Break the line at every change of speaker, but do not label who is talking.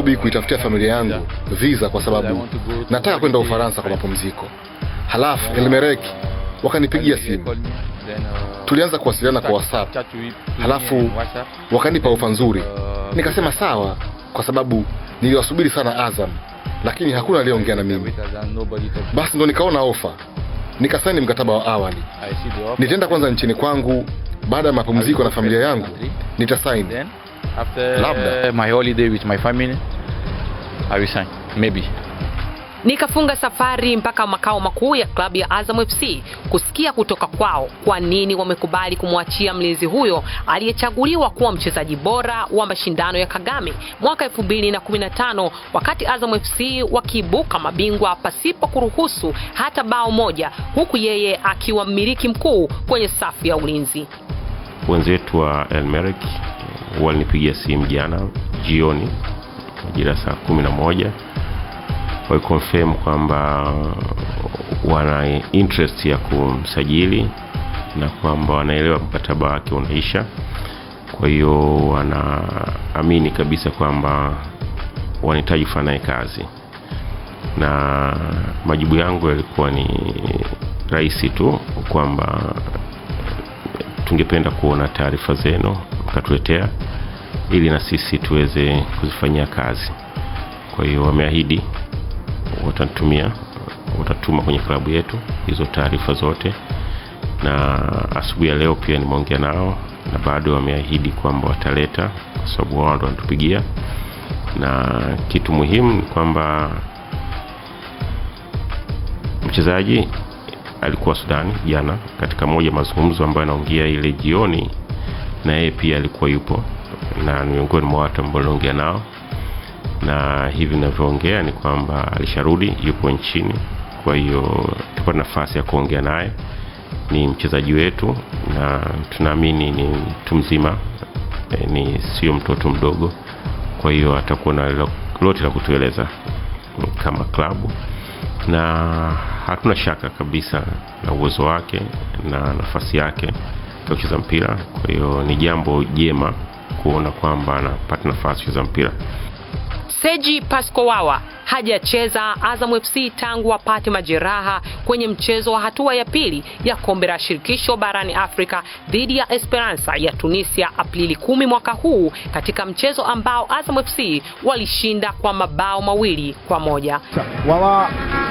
Nairobi kuitafutia familia yangu visa kwa sababu nataka kwenda Ufaransa kwa mapumziko. Halafu Elmereki wakanipigia simu, uh, tulianza kuwasiliana kwa WhatsApp, halafu wakanipa ofa nzuri. Uh, Nikasema sawa, kwa sababu niliwasubiri sana Azam, lakini hakuna aliyeongea na mimi. Basi ndo nikaona ofa, nikasaini mkataba wa awali. Nitaenda kwanza nchini kwangu, baada ya mapumziko na familia yangu nitasaini.
After Labda. Uh, my holiday with my family, I will sign. Maybe.
Nikafunga safari mpaka makao makuu ya klabu ya Azam FC kusikia kutoka kwao kwa nini wamekubali kumwachia mlinzi huyo aliyechaguliwa kuwa mchezaji bora wa mashindano ya Kagame mwaka 2015 wakati Azam FC wakiibuka mabingwa pasipo kuruhusu hata bao moja, huku yeye akiwa mmiliki mkuu kwenye safu ya ulinzi.
Wenzetu wa Elmerick walinipigia simu jana jioni majira saa kumi na moja walikonfirm kwamba wana interest ya kumsajili na kwamba wanaelewa mkataba wake unaisha. Kwa hiyo wanaamini kabisa kwamba wanahitaji kufanya kazi, na majibu yangu yalikuwa ni rahisi tu kwamba tungependa kuona taarifa zenu mkatuletea ili na sisi tuweze kuzifanyia kazi. Kwa hiyo wameahidi watatumia, watatuma kwenye klabu yetu hizo taarifa zote, na asubuhi ya leo pia nimeongea nao na bado wameahidi kwamba wataleta, kwa sababu wao ndo wanatupigia, na kitu muhimu ni kwamba mchezaji alikuwa Sudani jana katika moja mazungumzo ambayo anaongea ile jioni, na yeye pia alikuwa yupo na ni miongoni mwa watu ambao aliongea nao, na hivi ninavyoongea ni kwamba alisharudi, yupo nchini. Kwa hiyo tupata nafasi ya kuongea naye, ni mchezaji wetu na tunaamini ni mtu mzima, eh, ni sio mtoto mdogo. Kwa hiyo atakuwa na lote la kutueleza kama klabu na hatuna shaka kabisa na uwezo wake na nafasi yake ya kucheza mpira. Kwa hiyo ni jambo jema kuona kwamba anapata nafasi kucheza mpira.
Seji Pascowawa hajacheza Azam FC tangu apate majeraha kwenye mchezo wa hatua ya pili ya kombe la shirikisho barani Afrika dhidi ya Esperansa ya Tunisia Aprili kumi mwaka huu katika mchezo ambao Azam FC walishinda kwa mabao mawili kwa moja. Wawa.